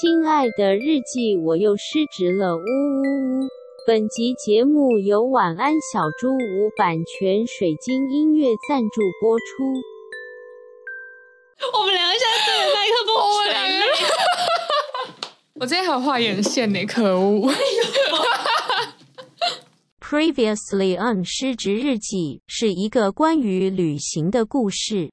親愛的日記，我又失職了，嗚嗚嗚！本集節目由晚安小豬屋版權水晶音樂贊助播出。我們聊一下這個麥克風。我這還畫眼線呢，可惡 ！Previously on 失職日記是一個關於旅行的故事。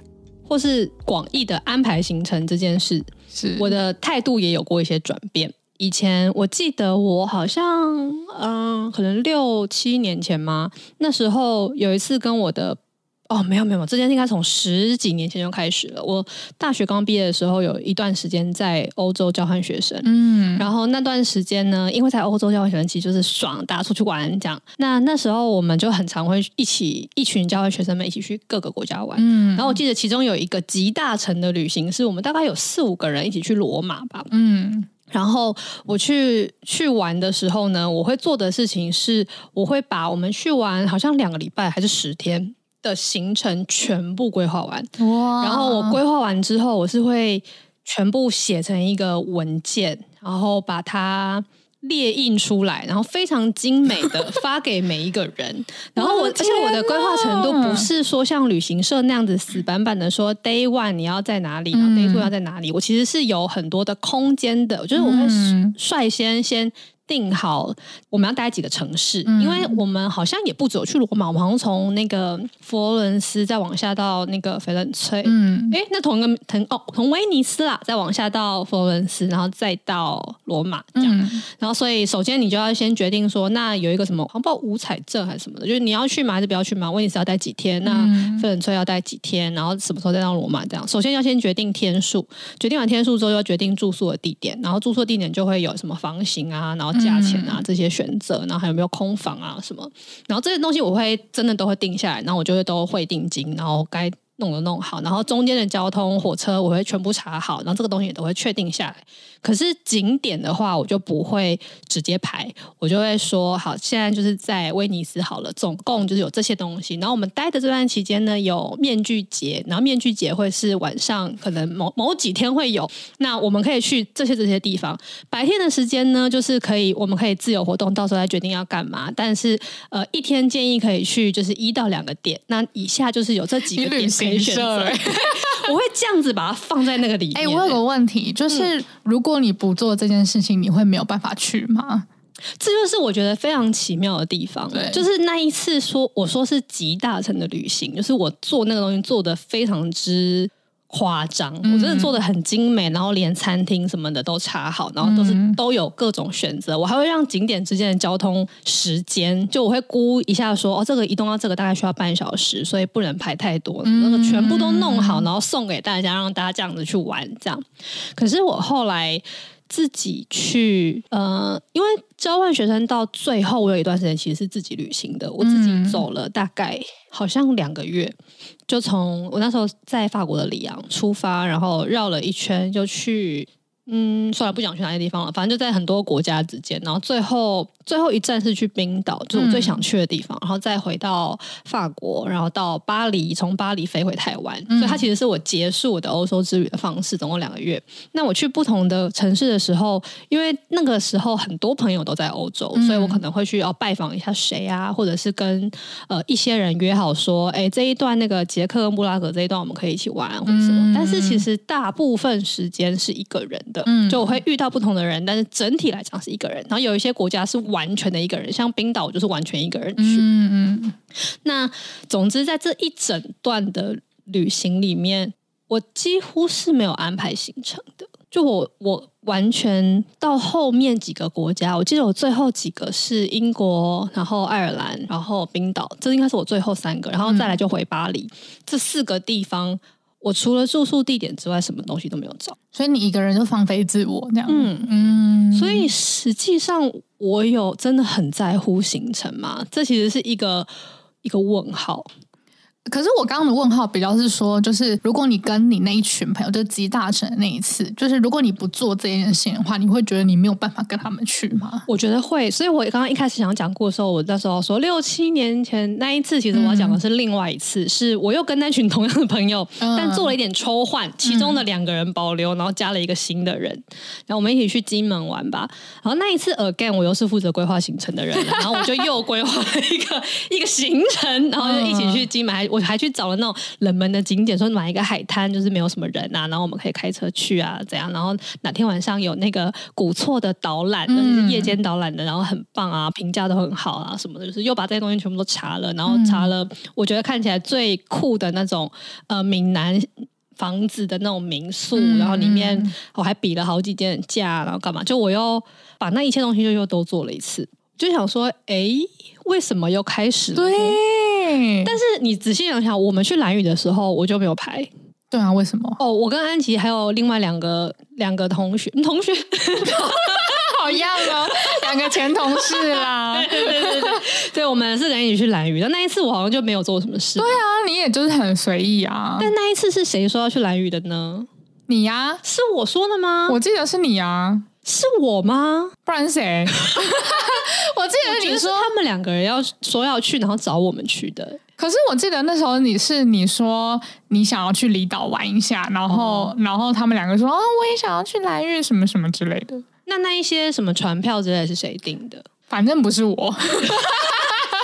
或是廣義的安排行程這件事，是我的態度也有過一些轉變。以前我記得我好像，嗯，可能六七年前嗎？那時候有一次跟我的。哦，沒有沒有，這件事應該從十幾年前就開始了。我大學剛畢業的時候，有一段時間在歐洲交換學生，嗯，然後那段時間呢，因為在歐洲交換學生，其實就是爽，大家出去玩這樣。那那時候我們就很常會一起一群交換學生們一起去各個國家玩，嗯，然後我記得其中有一個集大成的旅行是，我們大概有四五個人一起去羅馬吧，嗯，然後我去去玩的時候呢，我會做的事情是，我會把我們去玩好像兩個禮拜還是十天的行程全部規劃完，Wow 然後我規劃完之後，我是會全部寫成一個文件，然後把它列印出來，然後非常精美的發給每一個人。 然後我而且我的規劃程度不是說像旅行社那樣子死板板的說 day one 你要在哪裡，嗯、然後 day two 要在哪裡。我其實是有很多的空間的，就是我會率先先。定好我們要待幾個城市，嗯、因為我們好像也不只有去羅馬，我們好像從那個佛羅倫斯再往下到那個菲倫翠，嗯，哎、欸，那同一個同哦從威尼斯啦，再往下到佛羅倫斯，然後再到羅馬這樣，嗯、然後所以首先你就要先決定說，那有一個什麼黃暴五彩證還是什麼的，就是你要去嗎還是不要去嗎？威尼斯要待幾天？那菲倫翠要待幾天？然後什麼時候再到羅馬？這樣，首先要先決定天數，決定完天數之後就要決定住宿的地點，然後住宿地點就會有什麼房型啊，然後。價錢啊，這些選擇，然後還有沒有空房啊什麼，然後這些東西我會真的都會定下來，然後我就會都會定金，然後該弄的弄好，然後中間的交通火車我會全部查好，然後這個東西也都會確定下來。可是景點的話，我就不會直接排，我就會說：好，現在就是在威尼斯好了，總共就是有這些東西。然後我們待的這段期間呢，有面具節，然後面具節會是晚上，可能某某幾天會有。那我們可以去這些這些地方。白天的時間呢，就是可以我們可以自由活動，到時候來決定要幹嘛。但是呃，一天建議可以去就是一到兩個點。那以下就是有這幾個點可以選擇。欸、 我會這樣子把它放在那個裡面。哎、欸，我有個問題，欸、就是、嗯、如果如果你不做這件事情，你會沒有辦法去嗎？這就是我覺得非常奇妙的地方。對，就是那一次說，我說是集大成的旅行，就是我做那個東西做得非常之誇張，我真的做得很精美，然後連餐廳什麼的都插好，然後都是都有各種選擇，我還會讓景點之間的交通時間，就我會估一下說哦，這個移動到這個大概需要半小時，所以不能排太多，那個全部都弄好，然後送給大家，讓大家這樣子去玩，這樣。可是我後來。自己去，呃，因為交換學生到最後，我有一段時間其實是自己旅行的，我自己走了大概好像兩個月，就從我那時候在法國的里昂出發，然後繞了一圈，就去，嗯，算了，不講去哪些地方了，反正就在很多國家之間，然後最後。最後一站是去冰島，就是我最想去的地方，嗯、然後再回到法國，然後到巴黎，從巴黎飛回台灣，嗯、所以它其實是我結束我的歐洲之旅的方式，總共兩個月。那我去不同的城市的時候，因為那個時候很多朋友都在歐洲，嗯、所以我可能會去要拜訪一下誰啊，或者是跟呃一些人約好說，哎、欸，這一段那個捷克跟布拉格這一段我們可以一起玩或者什麼。嗯、但是其實大部分時間是一個人的，嗯、就我會遇到不同的人，但是整體來講是一個人。然後有一些國家是。完全的一個人，像冰島就是完全一個人去、嗯。嗯嗯。那總之，在這一整段的旅行裡面，我幾乎是沒有安排行程的。就我，我完全到後面幾個國家，我記得我最後幾個是英國，然後愛爾蘭，然後冰島，這應該是我最後三個，然後再來就回巴黎。嗯、這四個地方。我除了住宿地點之外，什麼東西都沒有找，所以你一個人就放飛自我這樣？嗯嗯，嗯，所以實際上我有真的很在乎行程嗎？這其實是一個一個問號。可是我剛剛的問號比較是說，就是如果你跟你那一群朋友，就是集大成的那一次，就是如果你不做這件事情的話，你會覺得你沒有辦法跟他們去嗎？我覺得會。所以我剛剛一開始想要講過的時候，我那時候說六七年前那一次，其實我要講的是另外一次，嗯、是我又跟那群同樣的朋友，嗯、但做了一點抽換，其中的兩個人保留，然後加了一個新的人，然後我們一起去金門玩吧。然後那一次 again，我又是負責規劃行程的人， 然後我就又規劃了一個 一個行程，然後就一起去金門。嗯還我還去找了那種冷門的景點，說買一個海灘，就是沒有什麼人啊，然後我們可以開車去啊，怎樣？然後哪天晚上有那個古厝的導覽的，嗯、夜間導覽的，然後很棒啊，評價都很好啊，什麼的，就是又把這些東西全部都查了，然後查了我覺得看起來最酷的那種呃閩南房子的那種民宿，嗯、然後裡面我還比了好幾間價，然後幹嘛？就我又把那一切東西就又都做了一次。就想說，哎，為什麼又開始了？對，對，但是你仔細想想，我們去蘭嶼的時候，我就沒有排。對啊，為什麼？哦，我跟安琪還有另外兩個兩個同學，同學 好樣的、啊， 兩個前同事啦。對對，對對對，對我們是人，一起去蘭嶼的。那一次我好像就沒有做什麼事。對啊，你也就是很隨意啊。但那一次是誰說要去蘭嶼的呢？你呀、啊？是我說的嗎？我記得是你啊。是我嗎？不然誰？ 我記得你說他們兩個人要說要去，然後找我們去的，欸。可是我記得那時候你是你說你想要去離島玩一下，然後、哦、然後他們兩個說哦，我也想要去來日什麼什麼之類的。那那一些什麼船票之類是誰訂的？反正不是我。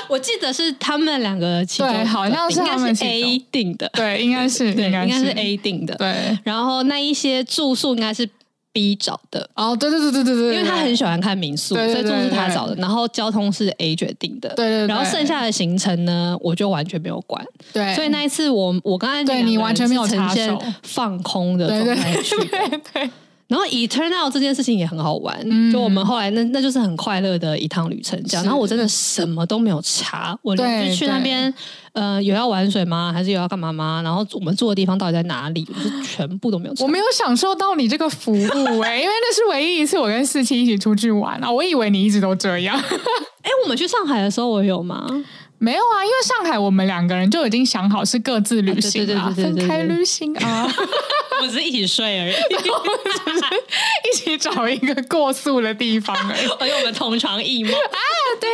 我記得是他們兩個其，對，好像是他們應該是 A 訂的對對，對，應該是對，應該是 A 訂的，對。然後那一些住宿應該是，B 找的哦，對對對對對對，因為他很喜歡看民宿，所以這是他找的。然後交通是 A 決定的，對對。然後剩下的行程呢，我就完全沒有管，對。所以那一次我我剛才對你完全沒有呈現，放空的狀態，對。然後以、e、turn out 這件事情也很好玩，嗯、就我們後來那那就是很快樂的一趟旅程。這樣，的然後我真的什麼都沒有查，我就去那邊，對對呃，有要玩水嗎？還是有要幹嘛嗎？然後我們住的地方到底在哪裡？我就全部都沒有。我沒有享受到你這個服務哎、欸， 因為那是唯一一次我跟四七一起出去玩啊，我以為你一直都這樣。哎、 欸，我們去上海的時候我有嗎？沒有啊，因為上海我們兩個人就已經想好是各自旅行了，分開旅行啊，我是一起睡而已，一起找一個過宿的地方而已，而且我們同床異夢啊，對，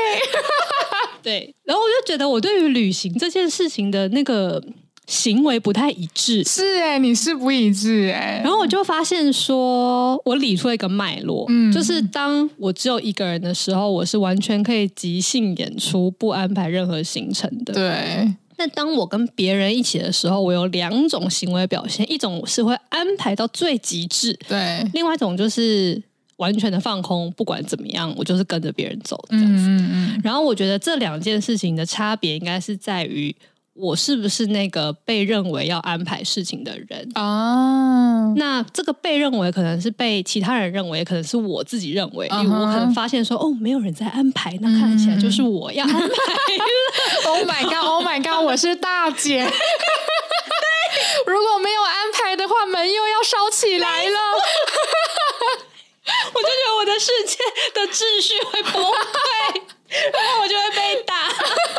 對，然後我就覺得我對於旅行這件事情的那個。行為不太一致，是哎，你是不一致哎。然後我就發現說，我理出了一個脈絡，嗯，就是當我只有一個人的時候，我是完全可以即興演出，不安排任何行程的。對。那當我跟別人一起的時候，我有兩種行為表現，一種是會安排到最極致，對；另外一種就是完全的放空，不管怎麼樣，我就是跟着別人走，這樣子。然後我覺得這兩件事情的差別應該是在於。我是不是那個被認為要安排事情的人啊？Oh. 那這個被認為可能是被其他人認為，可能是我自己認為，uh huh. 因為我可能發現說，哦，沒有人在安排，那看起來就是我要安排了。 Oh my god! Oh my god! 我是大姐。 對，如果沒有安排的話，門又要燒起來了。我就覺得我的世界的秩序會崩潰， 然後我就會被打。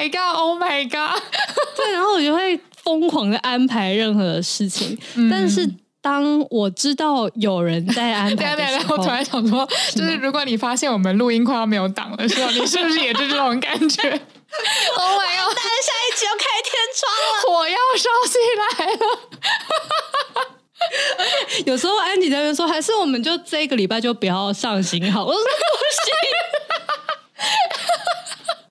Oh my God, Oh my God。 對，然後我就會瘋狂的安排任何的事情。嗯、但是當我知道有人在安排，我突然想說，是嗎就是如果你發現我們錄音快要沒有檔了的時候，你是不是也就是這種感覺 ？Oh my God。 下一集要開天窗了，火要燒起來了。 Okay, 有時候安迪那邊說，還是我們就這個禮拜就不要上行，好，我說不行。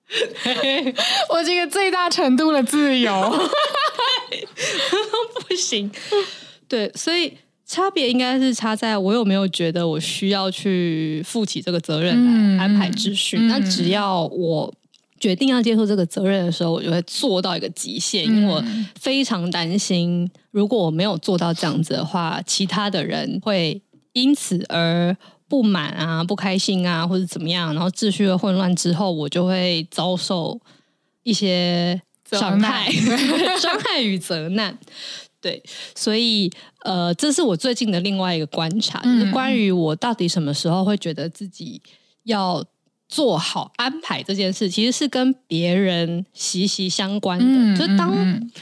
我這個最大程度的自由 不行，對，所以差別應該是差在我有沒有覺得我需要去負起這個責任來安排秩序。那、嗯、只要我決定要接受這個責任的時候，我就會做到一個極限，嗯、因為我非常擔心，如果我沒有做到這樣子的話，其他的人會因此而。不滿啊，不開心啊，或者怎麼樣，然後秩序的混亂之後，我就會遭受一些傷害、傷害， 傷害與責難。對，所以呃，這是我最近的另外一個觀察，就是關於我到底什麼時候會覺得自己要做好安排這件事，其實是跟別人息息相關的。嗯嗯、就當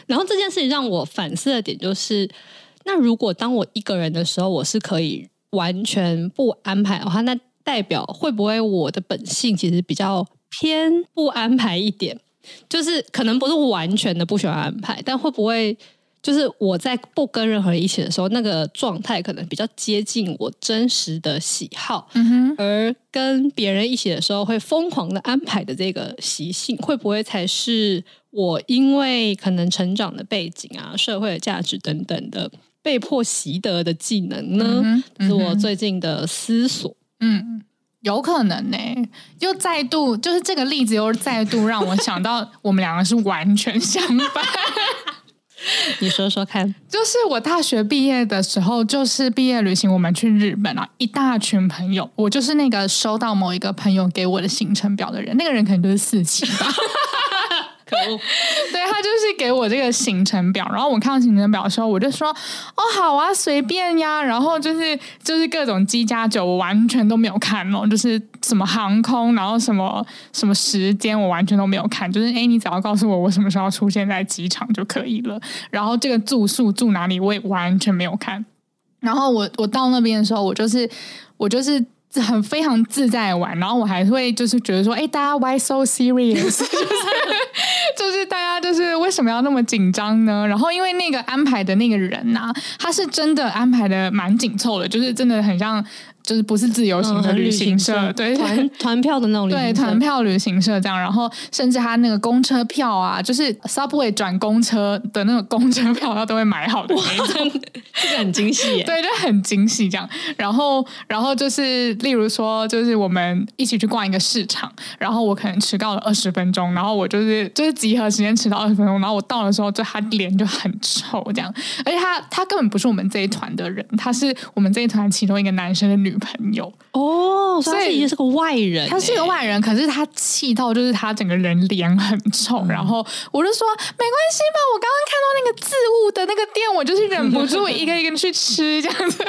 然後這件事情讓我反思的點就是，那如果當我一個人的時候，我是可以。完全不安排的話，哦，那代表會不會我的本性其實比較偏不安排一點？就是可能不是完全的不喜歡安排，但會不會就是我在不跟任何人一起的時候，那個狀態可能比較接近我真實的喜好？嗯哼，而跟別人一起的時候會瘋狂的安排的這個習性，會不會才是我因為可能成長的背景啊、社會的價值等等的？被迫習得的技能呢，是、嗯嗯、我最近的思索。嗯，有可能呢、欸。又再度，就是這個例子，又再度讓我想到， 我們兩個是完全相反。 你說說看，就是我大學畢業的時候，就是畢業旅行，我們去日本啊，一大群朋友，我就是那個收到某一個朋友給我的行程表的人，那個人肯定就是四七吧。可惡， 對，他就是給我這個行程表，然後我看到行程表的時候，我就說：“哦，好啊，隨便呀。”然後就是就是各種機加酒，我完全都沒有看哦，就是什麼航空，然後什麼什麼時間，我完全都沒有看，就是誒，你只要告訴我我什麼時候出現在機場就可以了。然後這個住宿住哪裡，我也完全沒有看。然後我我到那邊的時候我、就是，我就是我就是。很非常自在玩，然後我還會就是覺得說，哎、欸，大家 why so serious？ 就是大家就是為什麼要那麼緊張呢？然後因為那個安排的那個人吶、啊，他是真的安排的蠻緊湊的，就是真的很像。就是不是自由行的旅行社，嗯、行社對，團團票的那種旅行社，對，團票旅行社這樣，然後甚至他那個公車票啊，就是 subway 轉公車的那種公車票，他都會買好的，這個很驚喜，對，就很驚喜這樣。然後，然後就是，例如說，就是我們一起去逛一個市場，然後我可能遲到了二十分鐘，然後我就是就是集合時間遲到二十分鐘，然後我到的時候，就他臉就很臭這樣，而且他他根本不是我們這一團的人，他是我們這一團其中一個男生的女。朋友哦，所以是個，是個外人，他是個外人，可是他氣到就是他整個人臉很臭，然後我就說沒關係吧，我剛剛看到那個置物的那個店，我就是忍不住一個一個去吃 這樣子。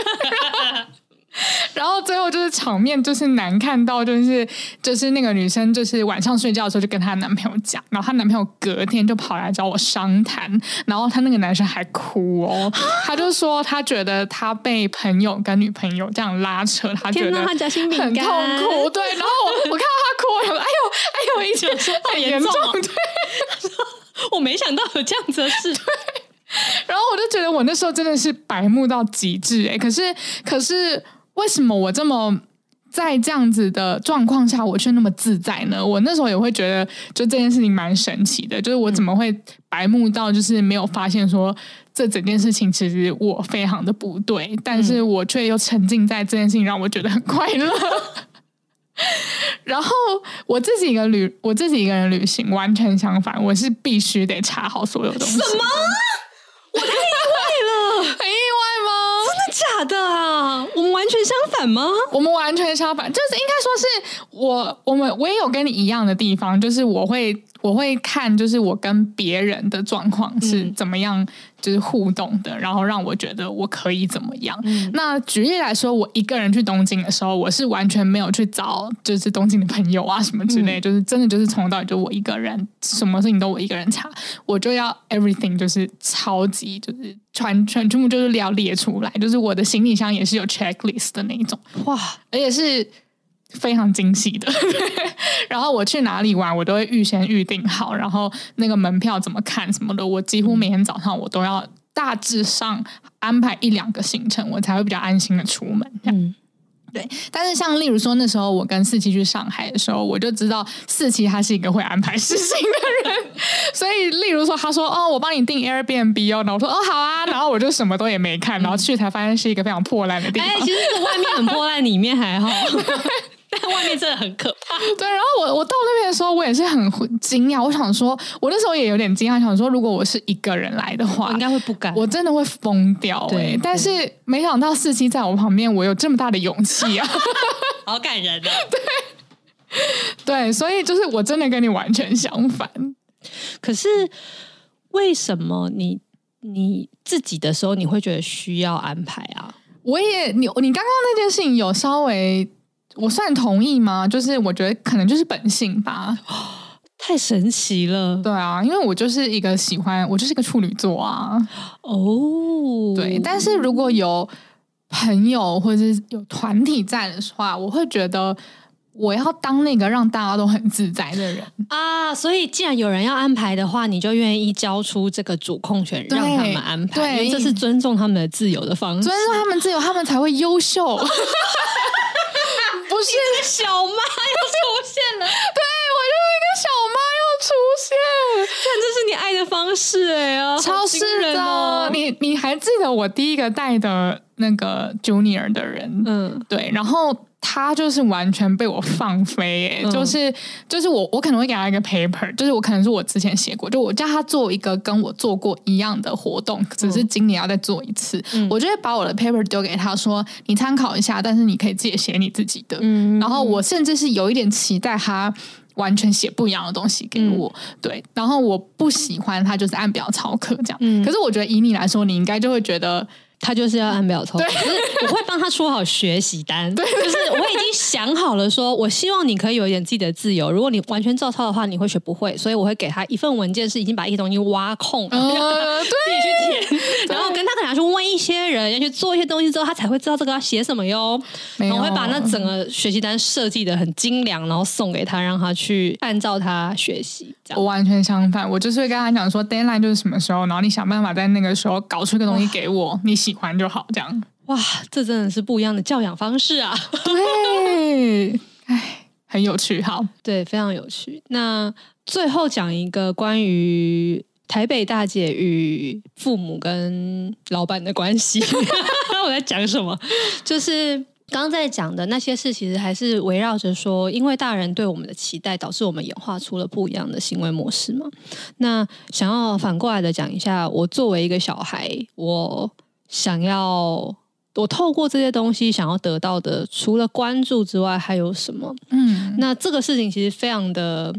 然後最後就是場面就是難看到，就是就是那個女生就是晚上睡覺的時候就跟她男朋友講，然後她男朋友隔天就跑來找我商談，然後她那個男生還哭哦，他就說他覺得他被朋友跟女朋友這樣拉扯，他覺得他很痛苦，對。然後我，我看到他哭，哎呦哎呦，我一說太嚴重，嚴重啊、對，我沒想到有這樣子的事，對。然後我就覺得我那時候真的是白目到極致哎，可是可是。為什麼我這麼在這樣子的狀況下，我卻那麼自在呢？我那時候也會覺得，就這件事情蠻神奇的，就是我怎麼會白目到，就是沒有發現說這整件事情其實我非常的不對，但是我卻又沉浸在這件事情讓我覺得很快樂。 然後我自己一個旅，我自己一個人旅行，完全相反，我是必須得查好所有的東西。什麼，我太快樂，哎。 咋的啊？我們完全相反嗎？我們完全相反，就是應該說是我，我們我也有跟你一樣的地方，就是我會我會看，就是我跟別人的狀況是怎麼樣。就是互動的，然後讓我覺得我可以怎麼樣。嗯、那舉例來說，我一個人去東京的時候，我是完全沒有去找就是東京的朋友啊什麼之類，嗯、就是真的就是從頭到尾就我一個人，嗯、什麼事情都我一個人查，我就要 everything，就是超級就是全全全部就是列列出來，就是我的行李箱也是有 checklist 的那一種，哇，而且是。非常驚喜的，對然後我去哪裡玩，我都會預先預定好，然後那個門票怎麼看什麼的，我幾乎每天早上我都要大致上安排一兩個行程，我才會比較安心的出門。這樣、嗯、對，但是像例如說那時候我跟四七去上海的時候，我就知道四七他是一個會安排事情的人， 所以例如說他說哦，我幫你訂 Airbnb 哦，然後我說哦好啊，然後我就什麼都也沒看，嗯、然後去才發現是一個非常破爛的地方，哎，其實外面很破爛， 裡面還好。 外面真的很可怕。對，然後我我到那邊的時候，我也是很驚訝。我想說，我那時候也有點驚訝，想說，如果我是一個人來的話，應該會不敢，我真的會瘋掉、欸。對，但是、嗯、沒想到四七在我旁邊，我有這麼大的勇氣啊， 好感人的。對對，所以就是我真的跟你完全相反。可是為什麼你你自己的時候你會覺得需要安排啊？我也你你剛剛那件事情有稍微。我算同意嗎？就是我覺得可能就是本性吧，太神奇了。對啊，因為我就是一個喜歡，我就是一個處女座啊。哦、oh，對，但是如果有朋友或者是有團體在的話，我會覺得我要當那個讓大家都很自在的人啊。Uh, 所以，既然有人要安排的話，你就願意交出這個主控權，讓他們安排，對，這是尊重他們的自由的方式。對尊重他們自由，他們才會優秀。 出現的小媽又出現了 對，對，我就是一個小媽又出現了，但這是你愛的方式。哎呀，超私人哦。你你還記得我第一個帶的那個 Junior 的人嗯？對，然後。他就是完全被我放飛耶，哎、嗯，就是就是我，我可能會給他一個 paper，就是我可能是我之前寫過，就我叫他做一個跟我做過一樣的活動，只是今年要再做一次，嗯、我就會把我的 paper 丟給他說，你參考一下，但是你可以自己寫你自己的，嗯、然後我甚至是有一點期待他完全寫不一樣的東西給我，嗯、對，然後我不喜歡他就是按表操課這樣，嗯、可是我覺得以你來說，你應該就會覺得。他就是要按表抽，就對是我會幫他出好學習單，對就是我已經想好了說，說 我希望你可以有一點自己的自由。如果你完全照抄的話，你會學不會。所以我會給他一份文件，是已經把一些東西挖空，嗯、自己去填。對然後跟他可能要去問一些人，要去做一些東西之後，他才會知道這個要寫什麼喲。我有會把那整個學習單設計的很精良，然後送給他，讓他去按照他學習。我完全相反，我就是會跟他講說 deadline 就是什麼時候，然後你想辦法在那個時候搞出一個東西給我，哦、你。喜歡就好，這樣哇，這真的是不一樣的教養方式啊！ 對，唉很有趣，好，對，非常有趣。那最後講一個關於台北大姐與父母跟老闆的關係， 我在講什麼？ 就是剛剛在講的那些事，其實還是圍繞着說，因為大人對我們的期待，導致我們演化出了不一樣的行為模式嘛。那想要反過來的講一下，我作為一個小孩，我。想要我透過這些東西想要得到的，除了關注之外還有什麼？嗯，那這個事情其實非常的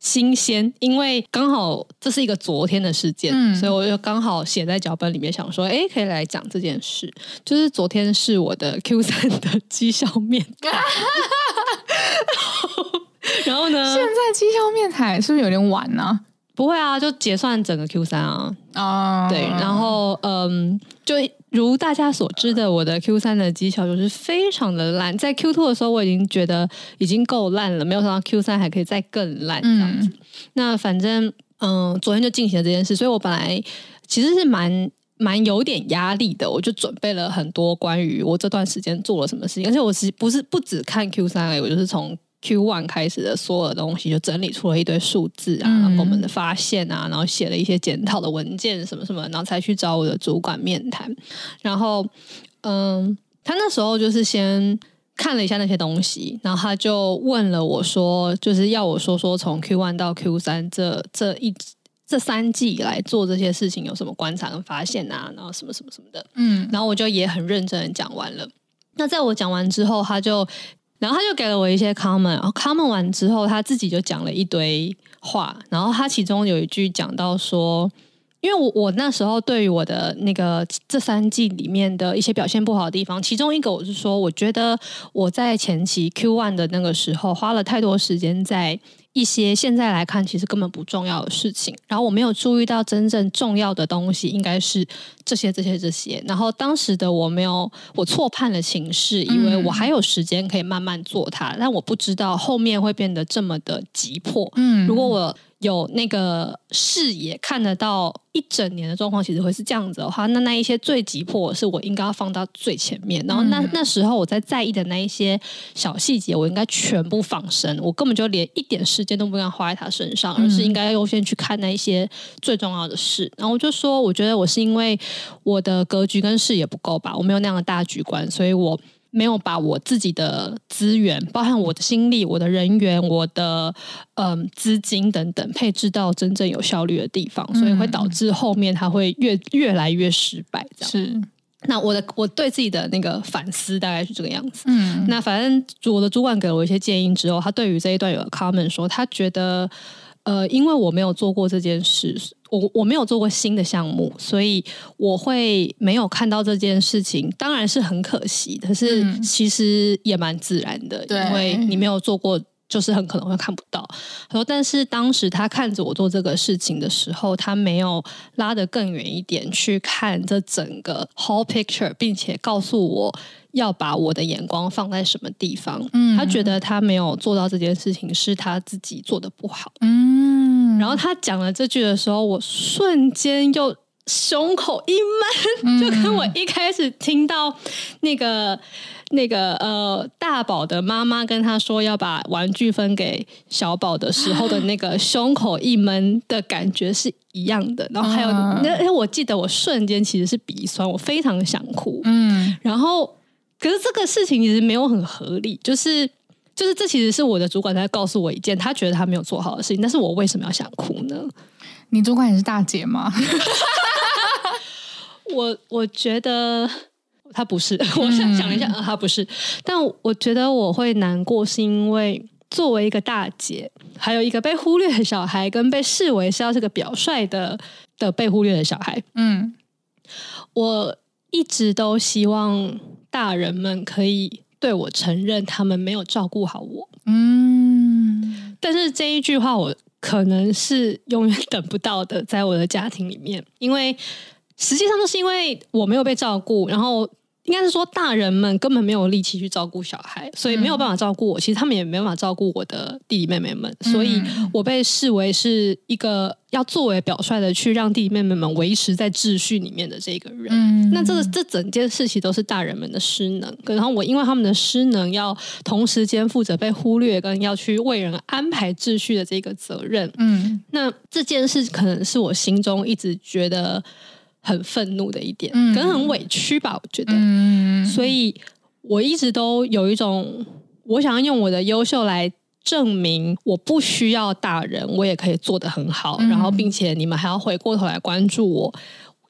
新鮮，因為剛好這是一個昨天的事件，嗯、所以我就剛好寫在腳本裡面，想說，哎、欸，可以來講這件事。就是昨天是我的 Q 三的績效面、啊、 然後呢？現在績效面談是不是有點晚呢、啊？不會啊，就結算整個 Q 三啊。啊、uh，對，然後嗯，就如大家所知的，我的 Q 三的技巧就是非常的爛。在 Q two 的時候，我已經覺得已經夠爛了，沒有想到 Q 三還可以再更爛這樣子。嗯、那反正嗯，昨天就進行了這件事，所以我本來其實是蠻蠻有點壓力的。我就準備了很多關於我這段時間做了什麼事情，而且我是不是不止看 Q 三、欸，我就是從。1 Q one 開始的所有東西，就整理出了一堆數字啊，嗯、然後我們的發現啊，然後寫了一些檢討的文件，什麼什麼，然後才去找我的主管面談。然後，嗯，他那時候就是先看了一下那些東西，然後他就問了我說，就是要我說說從 Q one 到 Q 三這這一這三季以來做這些事情有什麼觀察跟發現啊，然後什麼什麼什麼的。嗯，然後我就也很認真的講完了。那在我講完之後，他就。然後他就給了我一些 comment，然後 comment 完之後，他自己就講了一堆話。然後他其中有一句講到說，因為我我那時候對於我的那個這三季裡面的一些表現不好的地方，其中一個我是說，我覺得我在前期 Q one 的那個時候花了太多時間在。一些現在來看其實根本不重要的事情，然後我沒有注意到真正重要的東西，應該是這些、這些、這些。然後當時的我沒有，我錯判了情勢，以為我還有時間可以慢慢做它，嗯、但我不知道後面會變得這麼的急迫。嗯，如果我。有那個視野看得到一整年的狀況，其實會是這樣子的話，那那一些最急迫，是我應該要放到最前面，然後那、嗯、那時候我在在意的那一些小細節，我應該全部放生，我根本就連一點時間都不敢花在他身上，而是應該要優先去看那一些最重要的事。嗯、然後我就說，我覺得我是因為我的格局跟視野不夠吧，我沒有那樣的大局觀，所以我。沒有把我自己的資源，包含我的心力、我的人員、我的嗯資金等等配置到真正有效率的地方，所以會導致後面他會越越來越失敗。這樣是那我的我對自己的那個反思大概是這個樣子。嗯，那反正我的主管給了我一些建議之後，他對於這一段有 comment 說，他覺得。呃，因為我沒有做過這件事，我我沒有做過新的項目，所以我會沒有看到這件事情，當然是很可惜，可是其實也蠻自然的，對因為你沒有做過。就是很可能會看不到，他說。但是當時他看着我做這個事情的時候，他沒有拉得更遠一點去看這整個 whole picture，並且告訴我要把我的眼光放在什麼地方。嗯，他覺得他沒有做到這件事情是他自己做的不好。嗯，然後他講了這句的時候，我瞬間又，胸口一悶，就跟我一開始聽到那個、嗯、那個呃大寶的媽媽跟他說要把玩具分給小寶的時候的那個胸口一悶的感覺是一樣的。然後還有、嗯、那我記得我瞬間其實是鼻酸，我非常想哭。嗯，然後可是這個事情其實沒有很合理，就是就是這其實是我的主管在告訴我一件他覺得他沒有做好的事情。但是我為什麼要想哭呢？你主管也是大姐嗎？ 我我覺得他不是，我想講一下，他不是。嗯，但我覺得我會難過，是因為作為一個大姐，還有一個被忽略的小孩，跟被視為是要這個表率的的被忽略的小孩。嗯，我一直都希望大人們可以對我承認他們沒有照顧好我。嗯，但是這一句話我可能是永遠等不到的，在我的家庭裡面，因為。實際上都是因為我沒有被照顧，然後應該是說大人們根本沒有力氣去照顧小孩，所以沒有辦法照顧我。嗯、其實他們也沒辦法照顧我的弟弟妹妹們，所以我被視為是一個要作為表率的，去讓弟弟妹妹們維持在秩序裡面的這個人。嗯、那這個這整件事情都是大人們的失能，然後我因為他們的失能，要同時肩負着被忽略跟要去為人安排秩序的這個責任。嗯，那這件事可能是我心中一直覺得。很憤怒的一點，可能很委屈吧，我覺得。嗯、所以我一直都有一種，我想要用我的優秀來證明，我不需要大人，我也可以做得很好。嗯、然後，並且你們還要回過頭來關注我，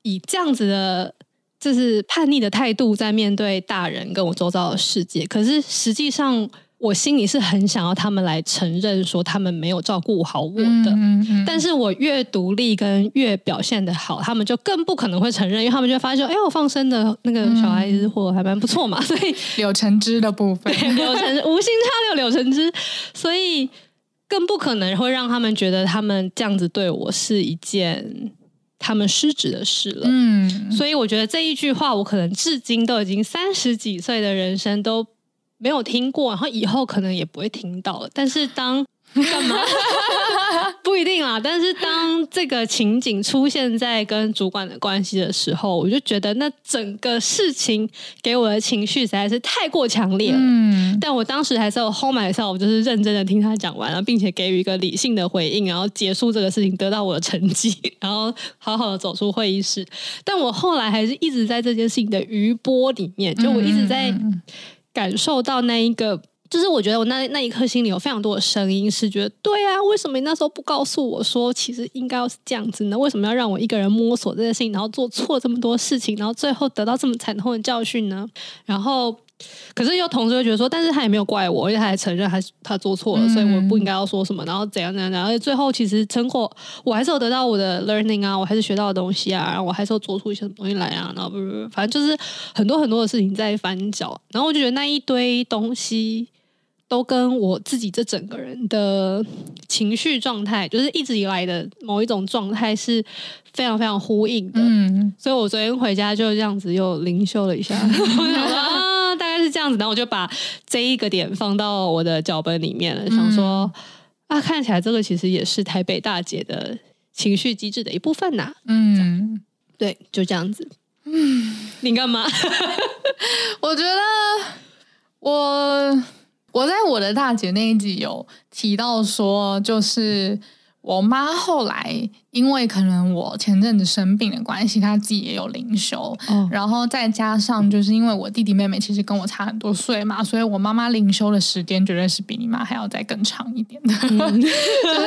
以這樣子的，就是叛逆的態度在面對大人跟我周遭的世界。可是實際上。我心裡是很想要他們來承認說，他們沒有照顧好我的。嗯嗯、但是我越獨立跟越表現得好，他們就更不可能會承認，因為他們就發現，哎呦，我放生的那個小孩子活還蠻不錯嘛，嗯、所以柳橙汁的部分，柳橙汁無心插柳柳橙汁，橙汁 所以更不可能會讓他們覺得他們這樣子對我是一件他們失職的事了。嗯，所以我覺得這一句話，我可能至今都已經三十幾歲的人生都。沒有聽過，然後以後可能也不會聽到了。但是當 幹嘛 不一定啦。但是當這個情景出現在跟主管的關係的時候，我就覺得那整個事情給我的情緒實在是太過強烈了。嗯，但我當時還是我 hold myself，我就是認真的聽他講完了，並且給予一個理性的回應，然後結束這個事情，得到我的成績，然後好好的走出會議室。但我後來還是一直在這件事情的餘波裡面，就我一直在。嗯嗯嗯感受到那一個，就是我覺得我那那一刻心裡有非常多的聲音，是覺得對啊，為什麼你那時候不告訴我說，其實應該要是這樣子呢？為什麼要讓我一個人摸索這件事情，然後做錯這麼多事情，然後最後得到這麼慘痛的教訓呢？然後。可是又同時會覺得說，但是他也沒有怪我，而且他還承認他他做錯了，嗯，所以我不應該要說什麼，然後怎樣怎樣，而且最後其實成果我還是有得到我的 learning 啊，我還是學到的東西啊，然後我還是有做出一些東西來啊，然後不不不，反正就是很多很多的事情在翻攪，然後我就覺得那一堆東西都跟我自己這整個人的情緒狀態，就是一直以來的某一種狀態是非常非常呼應的，嗯，所以我昨天回家就這樣子又靈修了一下。 大概是這樣子，然後我就把這一個點放到我的腳本裡面了，嗯、想說啊，看起來這個其實也是台北大姐的情緒機制的一部分吶、啊。嗯，這樣，對，就這樣子。嗯，你幹嘛？ 我覺得我我在我的大姐那一集有提到說，就是。我媽後來因為可能我前陣子生病的關係，她自己也有靈修，嗯、然後再加上就是因為我弟弟妹妹其實跟我差很多歲嘛，所以我媽媽靈修的時間絕對是比你媽還要再更長一點的，嗯、 就是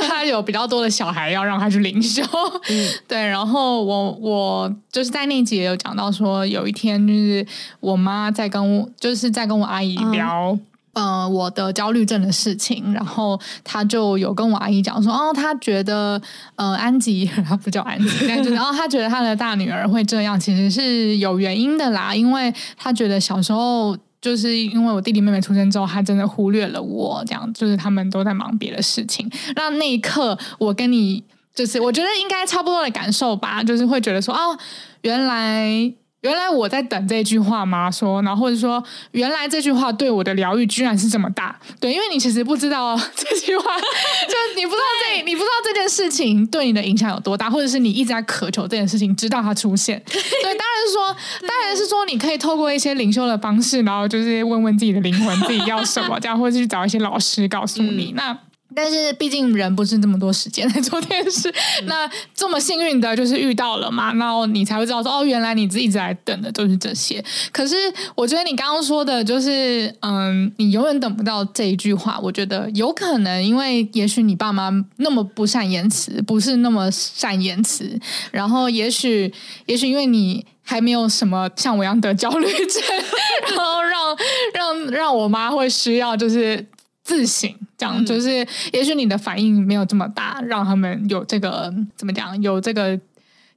她有比較多的小孩要讓她去靈修。嗯、對。然後我我就是在那一集也有講到說，有一天就是我媽在跟我，就是在跟我阿姨聊。嗯呃，我的焦慮症的事情，然後他就有跟我阿姨講說，哦，他覺得呃，Angie, 安吉，他不叫安吉，然後他覺得他的大女兒會這樣，其實是有原因的啦，因為他覺得小時候就是因為我弟弟妹妹出生之後，他真的忽略了我。這樣就是他們都在忙別的事情，那那一刻我跟你就是我覺得應該差不多的感受吧，就是會覺得說，哦，原來。原來我在等這句話嗎？說，然後或者說，原來這句話對我的療癒居然是這麼大。對，因為你其實不知道這句話， 就你不知道這，對你不知道這件事情對你的影響有多大，或者是你一直在渴求這件事情，直到它出現。所以，當然是說，當然是說，你可以透過一些靈修的方式，然後就是問問自己的靈魂，自己要什麼， 這樣，或者去找一些老師告訴你。嗯、那。但是畢竟人不是那麼多時間來做電視，那這麼幸運的就是遇到了嘛，然後你才會知道說哦，原來你一直在等的就是這些。可是我覺得你剛剛說的就是，嗯，你永遠等不到這一句話。我覺得有可能，因為也許你爸媽那麼不善言辭，不是那麼善言辭，然後也許，也許因為你還沒有什麼像我一樣的焦慮症，然後讓讓讓我媽會需要就是。自省，這樣就是，也許你的反應沒有這麼大，嗯、讓他們有這個怎麼講，有這個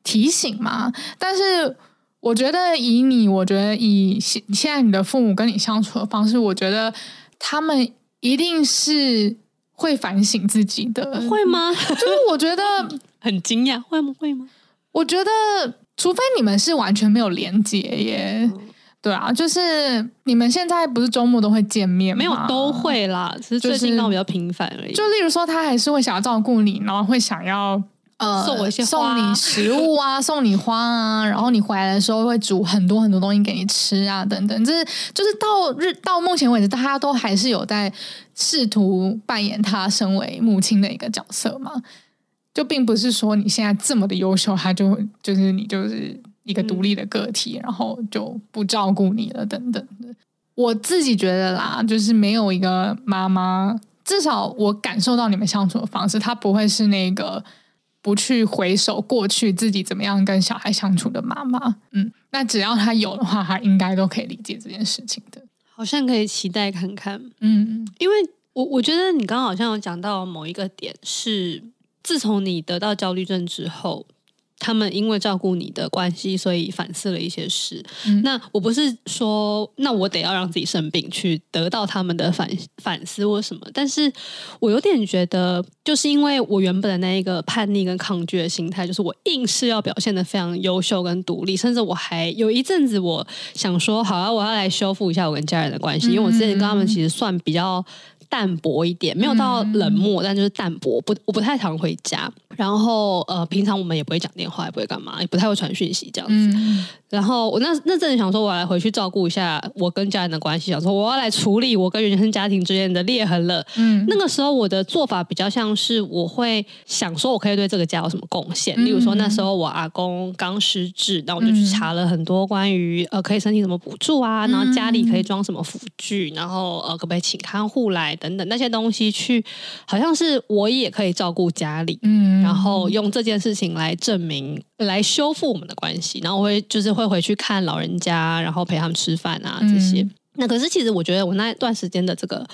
提醒嘛。但是我覺得以你，我覺得以現現在你的父母跟你相處的方式，我覺得他們一定是會反省自己的。嗯、會嗎？ 就是我覺得很驚訝，會嗎？會嗎？我覺得，除非你們是完全沒有連接耶。嗯對啊，就是你們現在不是周末都會見面嗎？沒有都會啦，只是最近鬧比較頻繁而已，就是。就例如說，他還是會想要照顧你，然後會想要呃送我一些，呃、送你食物啊， 送你花啊，然後你回來的時候會煮很多很多東西給你吃啊，等等。就是就是到日到目前為止，他都還是有在試圖扮演他身為母親的一個角色嘛？就並不是說你現在這麼的優秀，他就會就是你就是。一個獨立的個體，嗯、然後就不照顧你了，等等。我自己覺得啦，就是沒有一個媽媽，至少我感受到你們相處的方式，她不會是那個不去回首過去自己怎麼樣跟小孩相處的媽媽。嗯，那只要她有的話，她應該都可以理解這件事情的。好像可以期待看看，嗯，因為我我覺得你剛剛好像有講到某一個點，是自從你得到焦慮症之後。他們因為照顧你的關係，所以反思了一些事。嗯、那我不是說，那我得要讓自己生病去得到他們的反反思或什麼。但是我有點覺得，就是因為我原本的那一個叛逆跟抗拒的心態，就是我硬是要表現得非常優秀跟獨立，甚至我還有一陣子，我想說，好啊，我要來修復一下我跟家人的關係，因為我之前跟他們其實算比較。淡薄一點，沒有到冷漠，嗯、但就是淡薄。不，我不太常回家，然後呃，平常我們也不會講電話，也不會幹嘛，也不太會傳訊息這樣子。嗯然後我那那陣想說，我來回去照顧一下我跟家人的關係，想說我要來處理我跟原生家庭之間的裂痕了。嗯，那個時候我的做法比較像是我會想說，我可以對這個家有什麼貢獻？例如說，那時候我阿公剛失智，那、嗯、我就去查了很多關於呃可以申請什麼補助啊，嗯、然後家裡可以裝什麼輔具，然後呃可不可以請看護來等等那些東西去，好像是我也可以照顧家裡。嗯、然後用這件事情來證明。來修復我們的關係，然後我會就是會回去看老人家，然後陪他們吃飯啊這些。嗯、那可是其實我覺得我那一段時間的這個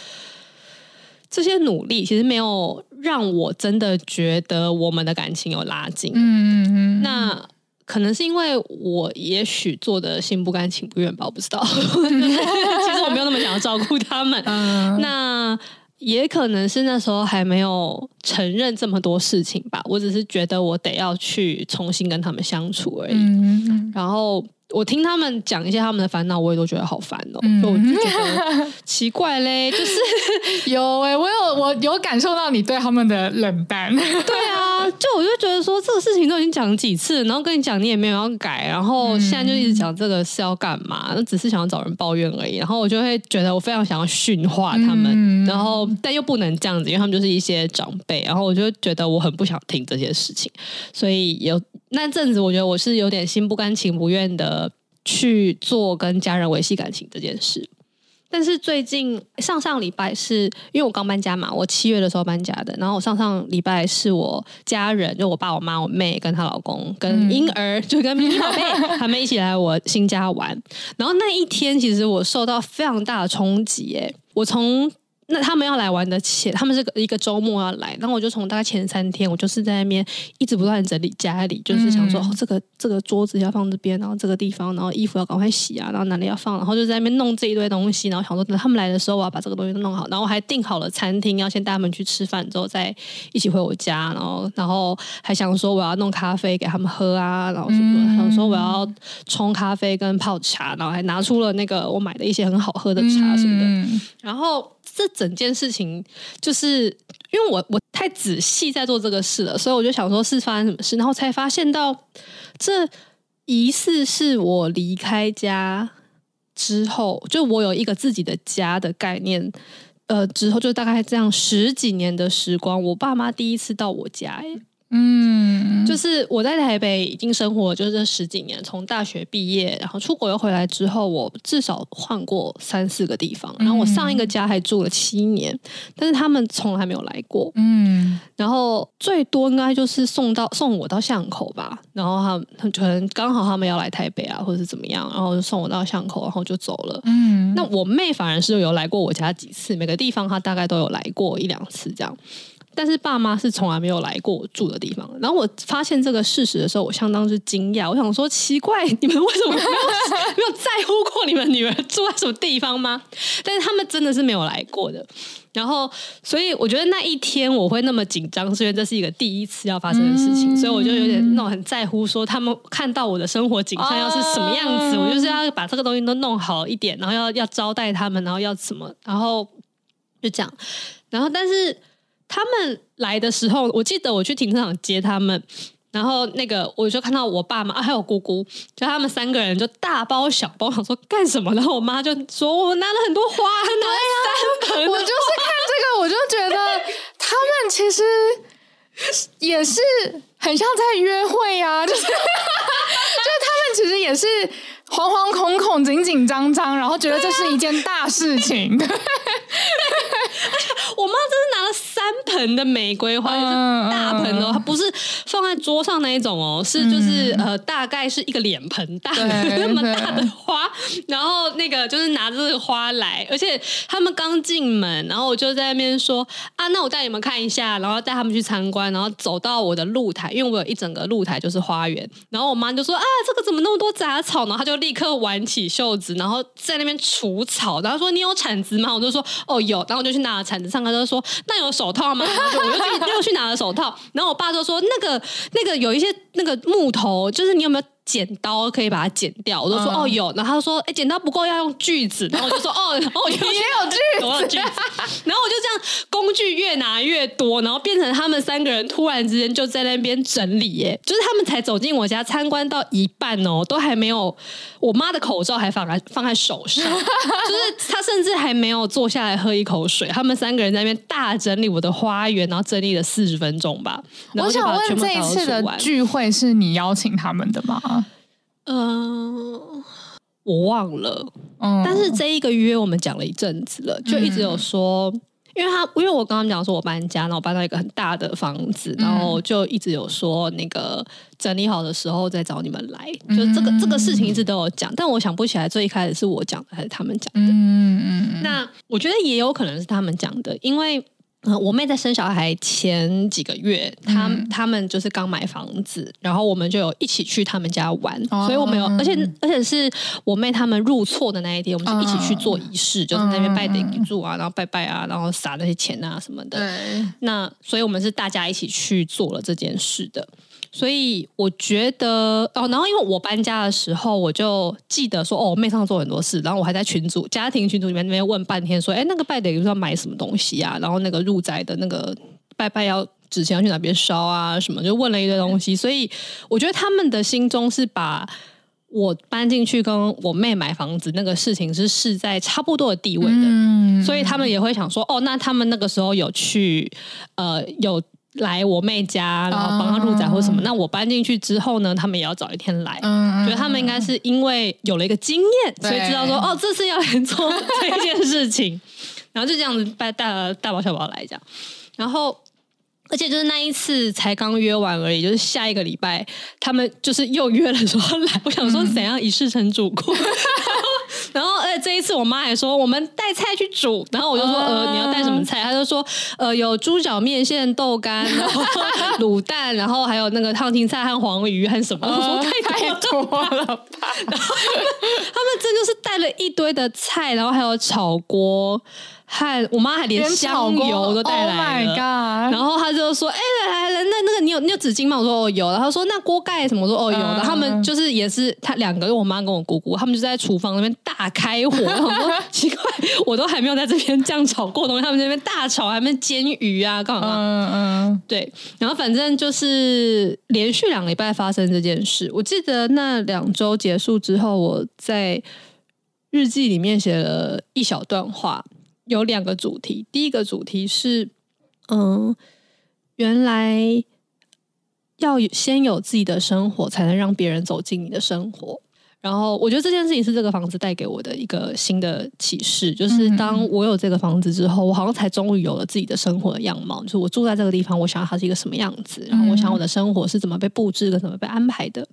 這些努力，其實沒有讓我真的覺得我們的感情有拉近。嗯，嗯嗯那可能是因為我也許做的心不甘情不願吧，我不知道。 其實我沒有那麼想要照顧他們。嗯、那。也可能是那時候還沒有承認這麼多事情吧，我只是覺得我得要去重新跟他們相處而已。然後我聽他們講一些他們的煩惱，我也都覺得好煩哦，就我就覺得奇怪嘞，就是 有哎、欸，我有我有感受到你對他們的冷淡。對。 就我就覺得說這個事情都已經講了幾次，然後跟你講你也沒有要改，然後現在就一直講這個是要幹嘛？那、嗯、只是想要找人抱怨而已。然後我就會覺得我非常想要馴化他們，嗯、然後但又不能這樣子，因為他們就是一些長輩。然後我就覺得我很不想聽這些事情，所以有那陣子我覺得我是有點心不甘情不願的去做跟家人維繫感情這件事。但是最近上上禮拜是，因為我剛搬家嘛，我七月的時候搬家的，然後我上上禮拜是我家人，就我爸、我媽、我妹跟她老公跟嬰兒，嗯、就跟迷你 他們一起來我新家玩，然後那一天其實我受到非常大的衝擊，哎，我從。那他們要來玩的前，他們是個一個周末要來，然後我就從大概前三天，我就是在那邊一直不斷整理家裡，就是想說，哦，這個這個桌子要放這邊，然後這個地方，然後衣服要趕快洗啊，然後哪裡要放，然後就在那邊弄這一堆東西，然後想說，等他們來的時候，我要把這個東西都弄好，然後我還訂好了餐廳，要先帶他們去吃飯，之後再一起回我家，然後然後還想說，我要弄咖啡給他們喝啊，然後什麼的、嗯、想說我要沖咖啡跟泡茶，然後還拿出了那個我買的一些很好喝的茶什麼的，然後。這整件事情就是因為我我太仔細在做這個事了，所以我就想說，是發生什麼事，然後才發現到這一次是我離開家之後，就我有一個自己的家的概念，呃，之後就大概這樣十幾年的時光，我爸媽第一次到我家，哎。嗯，就是我在台北已經生活了就是這十幾年，從大學畢業然後出國又回來之後，我至少換過三四個地方，然後我上一個家還住了七年，但是他們從來沒有來過，嗯，然後最多應該就是送到送我到巷口吧，然後他們可能剛好他們要來台北啊，或者是怎麼樣，然後就送我到巷口，然後就走了，嗯，那我妹反而是有來過我家幾次，每個地方她大概都有來過一兩次這樣。但是爸媽是從來沒有來過我住的地方的。然後我發現這個事實的時候，我相當是驚訝。我想說，奇怪，你們為什麼沒有 沒有在乎過你們女兒住在什麼地方嗎？但是他們真的是沒有來過的。然後，所以我覺得那一天我會那麼緊張，是因為這是一個第一次要發生的事情。嗯、所以我就有點那種很在乎，說他們看到我的生活景象要是什麼樣子。哦、我就是要把這個東西都弄好一點，然後要要招待他們，然後要什麼，然後就這樣。然後，但是。他們來的時候，我記得我去停車場接他們，然後那個我就看到我爸媽、啊、還有姑姑，就他們三個人就大包小包，想說幹什麼？然後我媽就說：“我拿了很多花。”對啊，對呀，我就是看這個，我就覺得他們其實也是很像在約會呀、啊，就是 就是他們其實也是惶惶恐恐、緊緊張張，然後覺得這是一件大事情。我媽真的拿了。三盆的玫瑰花，啊、就是大盆哦，啊、它不是放在桌上那一種哦、喔，嗯、是就是呃，大概是一個臉盆大 那麼大的花。然後那個就是拿着花來，而且他們剛進門，然後我就在那邊說啊，那我帶你們看一下，然後帶他們去參觀，然後走到我的露台，因為我有一整個露台就是花園。然後我媽就說啊，這個怎麼那麼多雜草呢？她就立刻挽起袖子，然後在那邊除草。然後說你有鏟子嗎？我就說哦有，然後我就去拿了鏟子。上她就說那有手。套嗎？ 然後我就去又去拿了手套，然後我爸就說：“那個那個有一些那個木頭，就是你有沒有剪刀可以把它剪掉？”我就說：“嗯、哦有。”然後他就說：“哎，剪刀不夠，要用鋸子。”然後我就說：“哦哦，也有鋸子。” 然後我就這樣工具越拿越多，然後變成他們三個人突然之間就在那邊整理耶。就是他們才走進我家參觀到一半哦，都還沒有。我媽的口罩還放在放在手上，就是她甚至還沒有坐下來喝一口水。他們三個人在那邊大整理我的花園，然後整理了四十分鐘吧。然後她，我想問這一次的聚會是你邀請他們的嗎？嗯、呃，我忘了。嗯、但是這一個月我們講了一陣子了，就一直有說。嗯因為他，因為我剛剛講說我搬家，然後搬到一個很大的房子，嗯、然後就一直有說，那個整理好的時候再找你們來，就是這個、嗯、這個事情一直都有講，但我想不起來最一開始是我講的還是他們講的。嗯嗯嗯、那我覺得也有可能是他們講的，因為。我妹在生小孩前幾個月，她他、嗯、他們就是剛買房子，然後我們就有一起去他們家玩，嗯、所以我們有，而且而且是我妹他們入厝的那一天，我們就一起去做儀式，嗯、就在那邊拜點一炷啊，然後拜拜啊，然後撒那些錢啊什麼的。嗯、那所以我們是大家一起去做了這件事的。所以我覺得哦，然後因為我搬家的時候，我就記得說哦，我妹上次做很多事，然後我還在群組、家庭群組裡面那邊問半天說，說哎，那個拜典要買什麼東西啊？然後那個入宅的那個拜拜要紙錢要去哪邊燒啊？什麼就問了一堆東西。嗯、所以我覺得他們的心中是把我搬進去跟我妹買房子那個事情是是在差不多的地位的，嗯、所以他們也會想說哦，那他們那個時候有去呃有。來我妹家，然後幫她入宅或什麼。嗯、那我搬進去之後呢，他們也要早一天來。覺得、嗯、他們應該是因為有了一個經驗，對所以知道說，哦，這次要來做這件事情。 然後就這樣子帶帶了大包小包來這樣。然後，而且就是那一次才剛約完而已，就是下一個禮拜他們就是又約了說來。我想說怎樣，一試成主顧。嗯 然後，呃，這一次我媽還說，我們帶菜去煮，然後我就說呃、呃你要帶什麼菜，她就說呃有豬腳麵線、豆乾，然後滷蛋， 然後還有那個燙青菜和黃魚還有什麼，我、呃、說太多太多了吧，然後他們、他們真的就是帶了一堆的菜，然後還有炒鍋。害我媽還連香油都帶來了，Oh my God 然後她就說：“哎、欸、來來來、那那個你有你有紙巾嗎？”我說：“哦有的。”然後說：“那鍋蓋什麼？”我說：“哦有的。” Uh-huh. 他們就是也是他兩個，我媽跟我姑姑，他們就在廚房那邊大開火。 奇怪，我都還沒有在這邊醬炒過東西，他們這邊大炒，還沒煎魚啊，幹嘛？”嗯嗯、uh-huh. 對。然後反正就是連續兩個禮拜發生這件事。我記得那兩周結束之後，我在日記裡面寫了一小段話。有兩個主題，第一個主題是，嗯，原來要先有自己的生活，才能讓別人走進你的生活。然後，我覺得這件事情是這個房子帶給我的一個新的啟示，就是當我有這個房子之後，我好像才終於有了自己的生活的樣貌。就是我住在這個地方，我想它是一個什麼樣子，然後我想我的生活是怎麼被布置的，怎麼被安排的。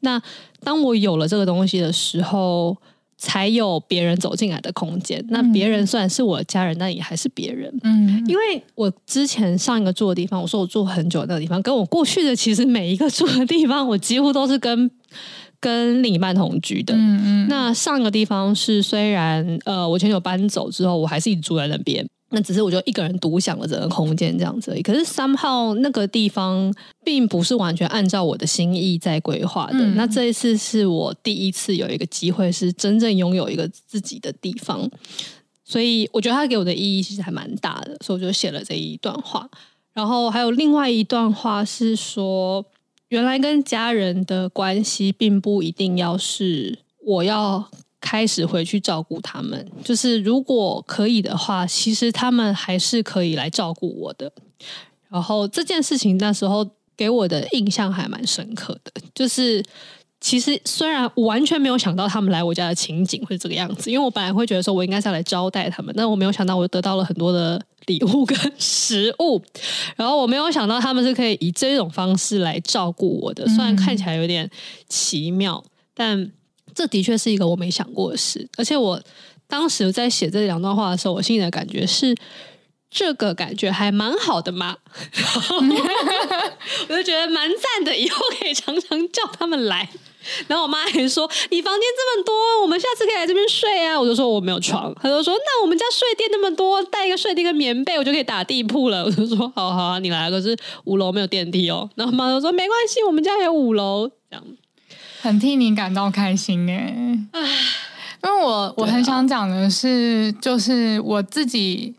那當我有了這個東西的時候，才有別人走進來的空間。那別人算是我家人，那、嗯、也還是別人。嗯，因為我之前上一個住的地方，我說我住很久的那個地方，跟我過去的其實每一個住的地方，我幾乎都是跟跟另一半同居的。嗯嗯，那上個地方是雖然呃，我前女友搬走之後，我還是一直住在那邊。那只是我就一個人獨享了整個空間這樣子，而已。可是三號那個地方並不是完全按照我的心意在規劃的。嗯、那這一次是我第一次有一個機會是真正擁有一個自己的地方，所以我覺得他給我的意義其實還蠻大的，所以我就寫了這一段話。然後還有另外一段話是說，原來跟家人的關係並不一定要是我要，開始回去照顧他們，就是如果可以的話，其實他們還是可以來照顧我的。然後這件事情那時候給我的印象還蠻深刻的，就是其實雖然完全沒有想到他們來我家的情景會這個樣子，因為我本來會覺得說我應該是要來招待他們，但我沒有想到我得到了很多的禮物跟食物，然後我沒有想到他們是可以以這種方式來照顧我的，嗯、雖然看起來有點奇妙，但。這的確是一個我沒想過的事，而且我當時在寫這兩段話的時候，我心裡的感覺是這個感覺還蠻好的嘛，我就覺得蠻讚的，以後可以常常叫他們來。然後我媽還說：“你房間這麼多，我們下次可以來這邊睡啊。”我就說：“我沒有床。”她就說：“那我們家睡墊那麼多，帶一個睡墊跟棉被，我就可以打地鋪了。”我就說：“好好啊，你來。”可是五樓沒有電梯哦。然後我媽就說：“沒關係，我們家也有五樓。”這樣。很替你感到開心誒、欸，因為我我很想講的是，啊、就是我自己，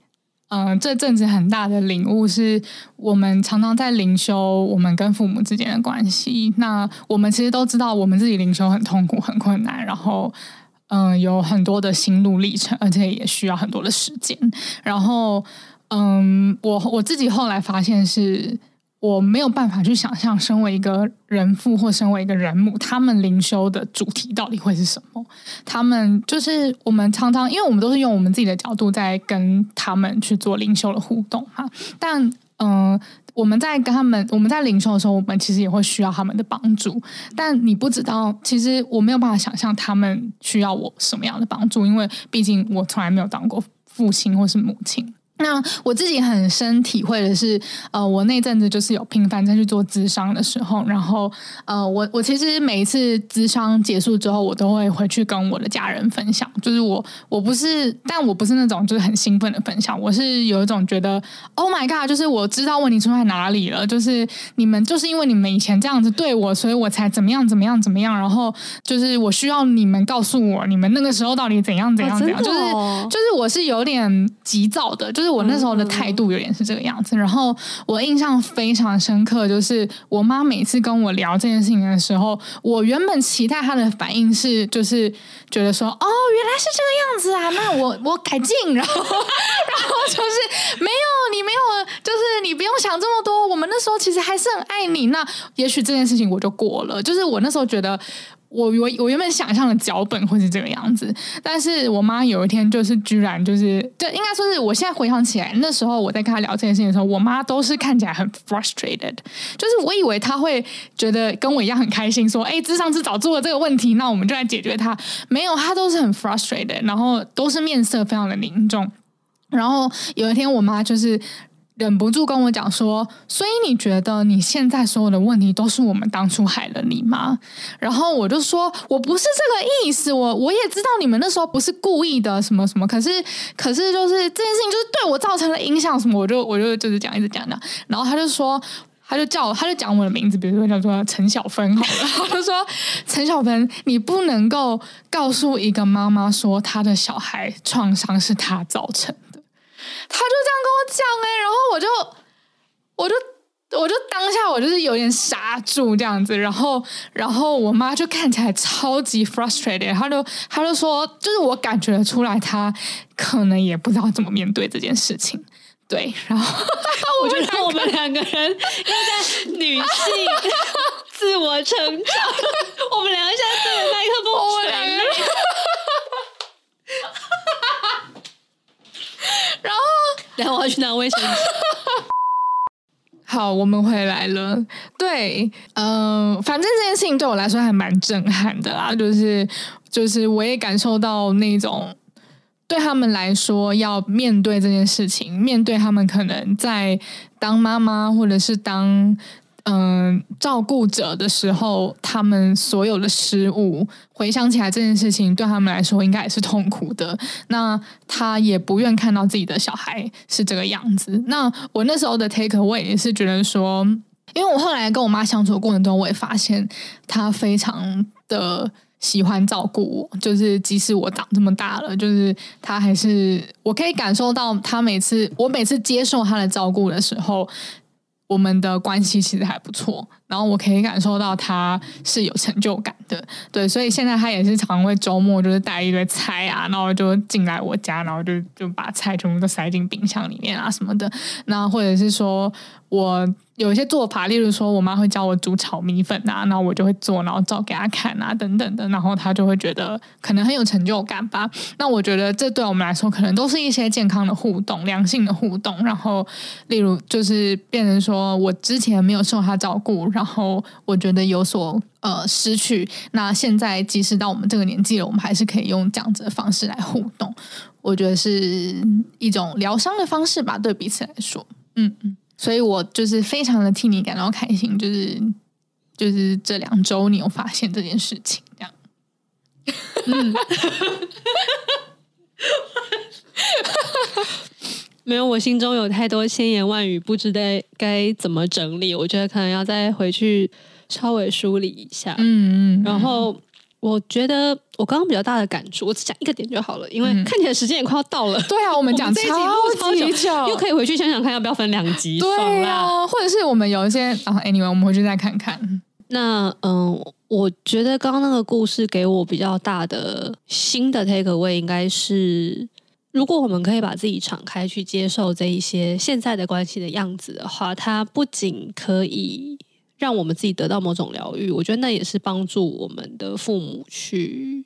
嗯、呃，這陣子很大的領悟是，我們常常在靈修，我們跟父母之間的關係。那我們其實都知道，我們自己靈修很痛苦、很困難，然後嗯、呃，有很多的心路歷程，而且也需要很多的時間。然後嗯、呃，我我自己後來發現是。我沒有辦法去想象，身為一個人父或身為一個人母，他們靈修的主題到底會是什麼？他們就是我們常常，因為我們都是用我們自己的角度在跟他們去做靈修的互動哈。但嗯、呃，我們在跟他們，我們在靈修的時候，我們其實也會需要他們的幫助。但你不知道，其實我沒有辦法想象他們需要我什麼樣的幫助，因為畢竟我從來沒有當過父親或是母親。那我自己很深體會的是，呃，我那陣子就是有頻繁在去做諮商的時候，然後呃，我我其實每一次諮商結束之後，我都會回去跟我的家人分享，就是我我不是，但我不是那種就是很興奮的分享，我是有一種覺得 Oh my God，就是我知道問題出在哪裡了，就是你們就是因為你們以前這樣子對我，所以我才怎麼樣怎麼樣怎麼樣，然後就是我需要你們告訴我，你們那個時候到底怎樣怎樣怎樣，oh, 哦、就是就是我是有點急躁的，就是。我那時候的態度有點是這個樣子，然後我印象非常深刻，就是我媽每次跟我聊這件事情的時候，我原本期待她的反應是，就是覺得說，哦，原來是這個樣子啊，那我我改進，然後然後就是沒有，你沒有，就是你不用想這麼多，我們那時候其實還是很愛你，那也許這件事情我就過了，就是我那時候覺得。我我我原本想象的腳本會是這個樣子，但是我媽有一天就是居然就是，就應該說是我現在回想起來，那時候我在跟她聊這件事情的時候，我媽都是看起來很 frustrated，就是我以為她會覺得跟我一樣很開心說，說、欸、哎，自上次早做了這個問題，那我們就來解決它，沒有，她都是很 frustrated，然後都是面色非常的凝重，然後有一天我媽就是。忍不住跟我講說，所以你覺得你現在所有的問題都是我們當初害了你嗎？然後我就說，我不是這個意思，我我也知道你們那時候不是故意的，什麼什麼，可是可是就是這件事情就是對我造成了影響，什麼我就我就就是講一直講講，然後他就說，他就叫我，他就講我的名字，比如說叫做陳小芬好了， 然後就說陳小芬，你不能夠告訴一個媽媽說她的小孩創傷是她造成。他就這樣跟我講哎、欸，然後我就，我就，我就當下我就是有點傻住這樣子，然後，然後我媽就看起來超級 frustrated，她就，她就說，就是我感覺得出來，她可能也不知道怎麼面對這件事情，對，然後 我就想我們兩個人要在女性自我成長， 我們聊一下這個麥克風。 然後，然後我要去拿衛生紙。 好，我們回來了。對，嗯、呃，反正這件事情對我來說還蠻震撼的啦，就是就是，我也感受到那種對他們來說要面對這件事情，面對他們可能在當媽媽或者是當。嗯，照顧者的時候，他們所有的失誤，回想起來這件事情，對他們來說應該也是痛苦的。那他也不願看到自己的小孩是這個樣子。那我那時候的 take away 也是覺得說，因為我後來跟我媽相處的過程中，我也發現她非常的喜歡照顧我，就是即使我長這麼大了，就是她還是我可以感受到，她每次我每次接受她的照顧的時候。我們的關係其實還不錯，然後我可以感受到他是有成就感的，對，所以現在他也是常會周末就是帶一堆菜啊，然後就進來我家，然後就就把菜全部都塞進冰箱裡面啊什麼的，那或者是說我。有一些做法，例如說，我媽會教我煮炒米粉啊，然後我就會做，然後照給她看啊，等等的，然後她就會覺得可能很有成就感吧。那我覺得這對我們來說，可能都是一些健康的互動、良性的互動。然後，例如就是變成說我之前沒有受她照顧，然後我覺得有所呃失去。那現在即使到我們這個年紀了，我們還是可以用這樣子的方式來互動，我覺得是一種療傷的方式吧，對彼此來說，嗯嗯。所以我就是非常的替你感到開心，就是就是這兩周你有發現這件事情這樣，嗯，沒有，我心中有太多千言萬語，不知道該，該怎麼整理，我覺得可能要再回去稍微梳理一下，嗯嗯，嗯然後。嗯我覺得我剛剛比較大的感觸，我只講一個點就好了，因為看起來時間也快要到了。嗯、對啊，我們講超級久 這集超級久，又可以回去想想看要不要分兩集。對啊，辣或者是我們有一些，然、啊、後 anyway，我們回去再看看。那嗯、呃，我覺得剛剛那個故事給我比較大的新的 take away，應該是如果我們可以把自己敞開去接受這一些現在的關係的樣子的話，它不僅可以。讓我們自己得到某種療癒，我覺得那也是幫助我們的父母去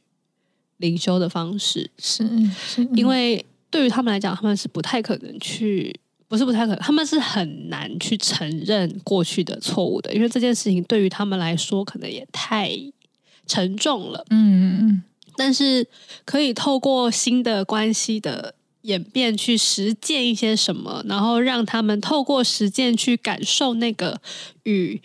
靈修的方式。是，嗯是嗯。因為對於他們來講，他們是不太可能去，不是不太可能，他們是很難去承認過去的錯誤的，因為這件事情對於他們來說可能也太沉重了。嗯嗯嗯。嗯，但是可以透過新的關係的演變去實踐一些什麼，然後讓他們透過實踐去感受那個與。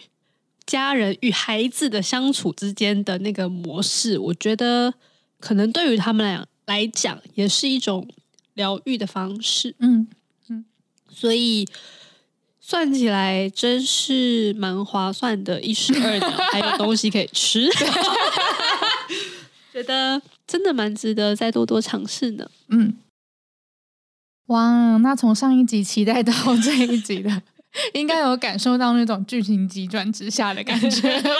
家人與孩子的相處之間的那個模式，我覺得可能對於他們倆來講也是一種療癒的方式。嗯嗯，嗯，所以算起來真是蠻划算的，一十二的還有東西可以吃，覺得真的蠻值得再多多嘗試呢。嗯，哇，那從上一集期待到這一集的。 應該有感受到那種劇情急轉直下的感覺吧？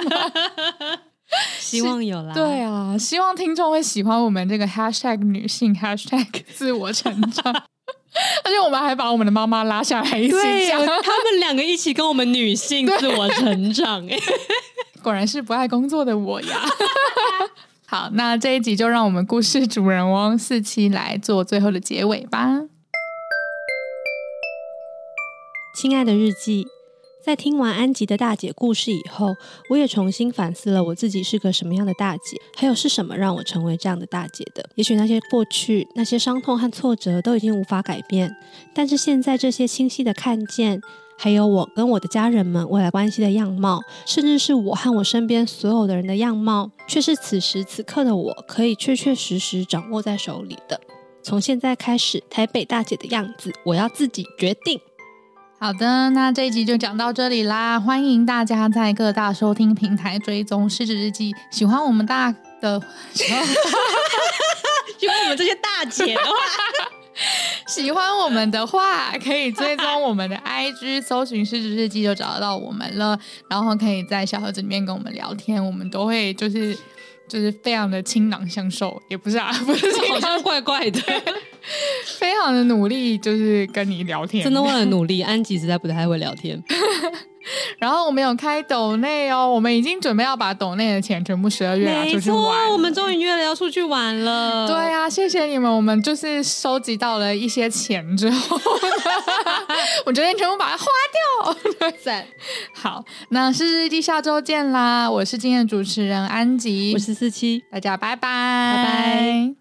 希望有啦。對啊，希望聽眾會喜歡我們這個 hashtag 女性 hashtag 自我成長。 而且我們還把我們的媽媽拉下來一起講，啊，他們兩個一起跟我們女性自我成長。哎 對， 果然是不愛工作的我呀。 好，那這一集就讓我們故事主人翁四七來做最後的結尾吧。親愛的日記，在聽完安吉的大姐故事以後，我也重新反思了我自己是個什麼樣的大姐，還有是什麼讓我成為這樣的大姐的。也許那些過去、那些傷痛和挫折都已經無法改變，但是現在這些清晰的看見，還有我跟我的家人們未來關係的樣貌，甚至是我和我身邊所有的人的樣貌，卻是此時此刻的我可以確確實實掌握在手裡的。從現在開始，台北大姐的樣子，我要自己決定。好的，那這一集就講到這裡啦！歡迎大家在各大收聽平台追蹤《失職日記》，喜歡我們大的，喜歡 我們這些大姐的話， 喜歡我們的話，可以追蹤我們的 IG， 搜尋《失職日記》就找得到我們了。然後可以在小盒子裡面跟我們聊天，我們都會就是就是非常的傾囊相授，也不是啊，不是 好像怪怪的。 非常的努力，就是跟你聊天，真的我很努力。 安吉實在不太會聊天。 然後我們有開抖內哦，我們已經準備要把抖內的錢全部十二月拿出去玩了。沒錯，我們終於約了要出去玩了。 對啊，謝謝你們，我們就是收集到了一些錢之後， 我決定全部把它花掉。好，那四日下週見啦！我是今天的主持人安吉，我是四七，大家拜拜拜拜。Bye bye